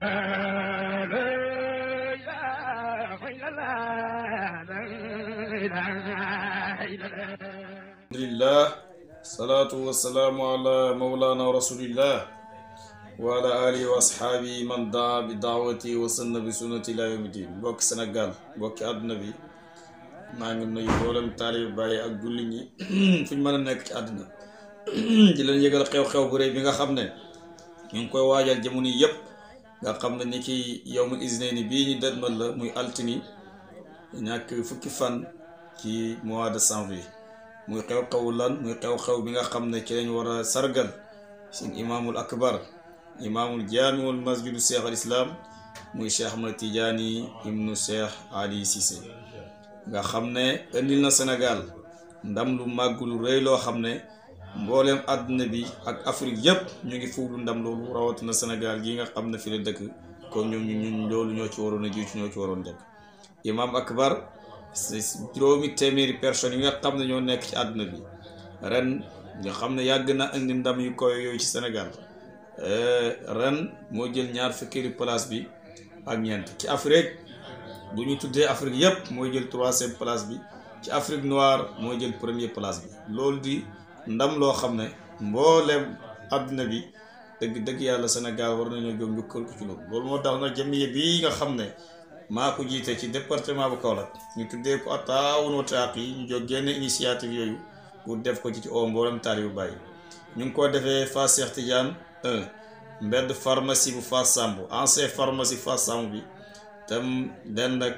alhamdulillah salaatu wasalaamu ala mawlana rasulillah wa ala alihi wa asxaabi man daa bi daawati wa sunna bi sunnati ila yawmi din mbokki Sénégal mbokki àdduna bi maa ngi nuyu mboolem taalib bàyyi ak julli ñi fu ñu mën a nekk ci àdduna di leen yëgal xew-xew bu rëy bi nga xam ne ñu ngi koy waajal jamono yépp nga xam ne ni ki yawmul isnayni bii ñu dëdmal la muy altini ñàkk fukki fan ci mois de janvier muy xew-xewu lan muy xew-xew bi nga xam ne ci lañ war a sargal suñ imaamul akbar imaamul jaamiul masjidu cheikh al islam muy cheikh Ahmad Tidiane ibnu cheikh Ali Cissé nga xam ne indil na Sénégal ndam lu màgg lu rëy loo xam ne mbooleem àdduna bi ak Afrique yëpp ñu ngi fuulu ndam loolu rawatina Sénégal gi nga xam na fi la dëkk kon ñoom ñu ñun loolu ñoo ci waroon a jiitu ñoo ci waroon dëkk imam akbar juróomi téeméeri personnes yi nga xam na ñoo nekk ci àdduna bi ren nga xam ne yàgg na indi ndam yu koy yooyu ci Sénégal eh, ren moo jël ñaar fukkeeri place bi ak ñeent ci Afrique bu ñu tuddee Afrique yëpp moo jël troisième place bi ci Afrique noire moo jël premier place bi ndam loo xam ne mbooleem àdduna bi dëgg dëgg yàlla Sénégal war nañoo jóg njukkal ko ci loolu loolu moo tax na jamiya bi nga xam ne maa ko jiite ci département bu Kaolack ñu tuddee ko ataawun wa taaq yi ñu jóg génn initiative yooyu pour def ci ci oo mboolem taalibu Baay ñu ngi ko defee Fass Cheikh Tidiane 1 mbedd pharmacie bu Fass Samb ancien pharmacie Fass Samb bi tam den nag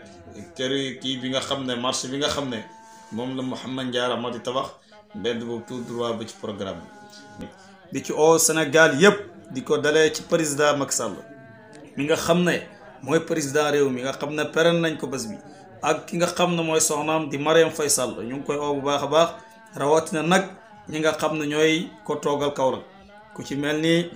kër kii bi nga xam ne marché bi nga xam ne moom la Mouhamad Ndiara moo di tabax mbedd boobu tout droit ci programme bi. ci oo Sénégal yëpp di ko dalee ci président Macky Sall mi nga xam ne mooy président réew mi nga xam ne peren nañ ko bés bi ak ki nga xam ne mooy soxnaam di Marième fay Sall ñu ngi koy oo bu baax a baax rawatina nag ñi nga xam ne ñooy ko toogal Kaolack ku ci mel ni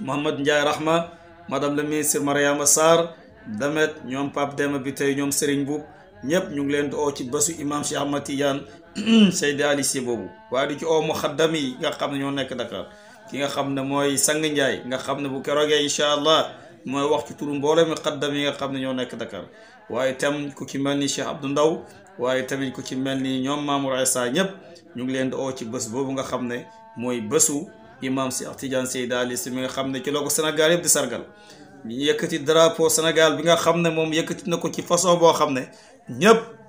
Mohamed Ndiaye Rahma madame la ministre Mariama saar Demet ñoom Pape Demba bi tey ñoom Serigne Boub ñëpp ñu ngi leen di oo ci bésu imam Cheikh Ahmad Tidiane Seydi Ali boobu waaye du ci oo muxaddam yi nga xam ne ñoo nekk Dakar ki nga xam ne mooy Sang Njaay nga xam ne bu keroogee incha allah mooy wax ci turu mbooloo mi xaddam yi nga xam ne ñoo nekk Dakar waaye tam ku ci mel ni Cheikh Abdou Ndaw waaye tamit ku ci mel ni ñoom Mamour Issa ñëpp ñu ngi leen di ci bés boobu nga xam ne mooy bésu imam Cheikh Tidiane Seydi Ali Si mi nga xam ne ci la ko Sénégal yëpp di sargal yëkkati drapeau Sénégal bi nga xam ne moom yëkkati na ko ci façon boo xam ne ñëpp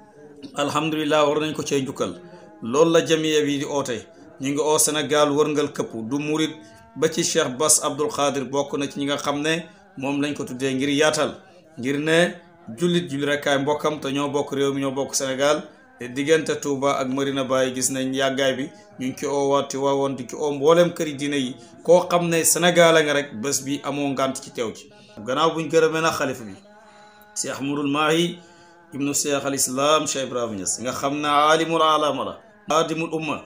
alhamdulilah war nañ ko cee njukkal loolu la jamiya bi di oote ñu ngi oo Sénégal wërngal këpp du murit ba ci Cheikh bas Abdul Xaadir bokk na ci ñi nga xam ne moom lañ ko tuddee ngir yaatal ngir ne jullit julli rekkaay mbokkam te ñoo bokk réew mi ñoo bokk Sénégal te diggante Touba ak Marina Baye gis nañ yàggaay bi ñu ngi ci oowaati waawoon di ci oo mboolem këri diine yi koo xam ne Sénégal nga rek bés bi amoo ngant ci teew ci gannaaw buñ gërëmee na bi ibnu cheikh al islam cheikh ibrahima Niass nga xam ne aalimul alama la aadimul umma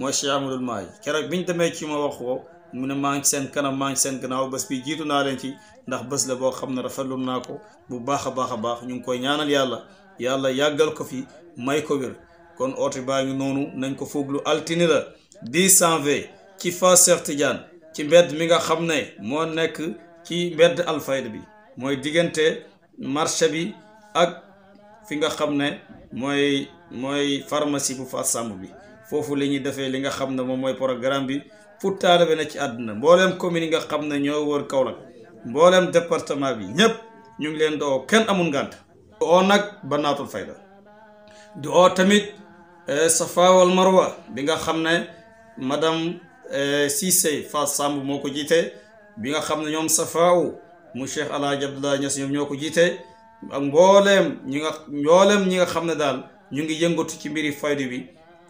mooy cheikh amadul maayi keroog biñ demee ci ma wax ko mu ne maa ngi seen kanam maa ngi seen gannaaw bés bi jiitu naa leen ci ndax bés la boo xam ne rafetlu naa ko bu baax a baax a baax ñu ngi koy ñaanal yàlla yàlla yàggal ko fi may ko wér kon oot baa ngi noonu nañ ko fooglu altine la 10 janvier ci fa Cheikh Tidiane ci mbedd mi nga xam ne moo nekk ci mbedd alfayda bi mooy diggante marché bi ak fi nga xam ne mooy mooy pharmacie bu Fass Samb bi foofu la ñuy defee li nga xam ne moom mooy programme bi pour taalibe na ci àdduna mbooleem commune yi nga xam ne ñoo wër Kaolack mbooleem département bi ñépp ñu ngi leen doo kenn amul ngànt du oo nag Banaatul Fayda du oo tamit eh, Safa Marwa bi nga xam ne madame eh, Cissé Fass Samb moo ko jiite bi nga xam ne ñoom Safawu mu Cheikh Alaaji Abdoulaye Niass ñoom ñoo ko jiite ak mbooleem ñi nga mbooleem ñi nga xam ne daal ñu ngi yëngatu ci mbiri faydu bi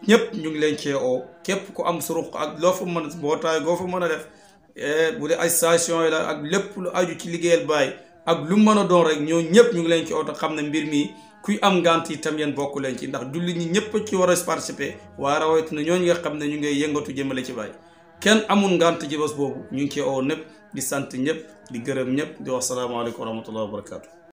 ñëpp ñu ngi leen cee oo képp ku am suruq ak loo fa mën mbootaay goo fa mën a def eh, bu dee ay station yi la ak lépp lu aju ci liggéeyal baay ak lu mën a doon rek ñoo ñëpp ñu ngi leen ci oo te xam ne mbir mi kuy am ngant yi tam bokku leen ci ndax julli ñi ñëpp ci war a participer waaye rawatina ñooñu nga xam ne ñu ngay yëngatu jëmale ci baay kenn amul ngant ci bés boobu ñu ngi cee oo ñëpp di sant ñëpp di gërëm ñëpp di wax salaamaaleykum wa rahmatullahi wa barakatu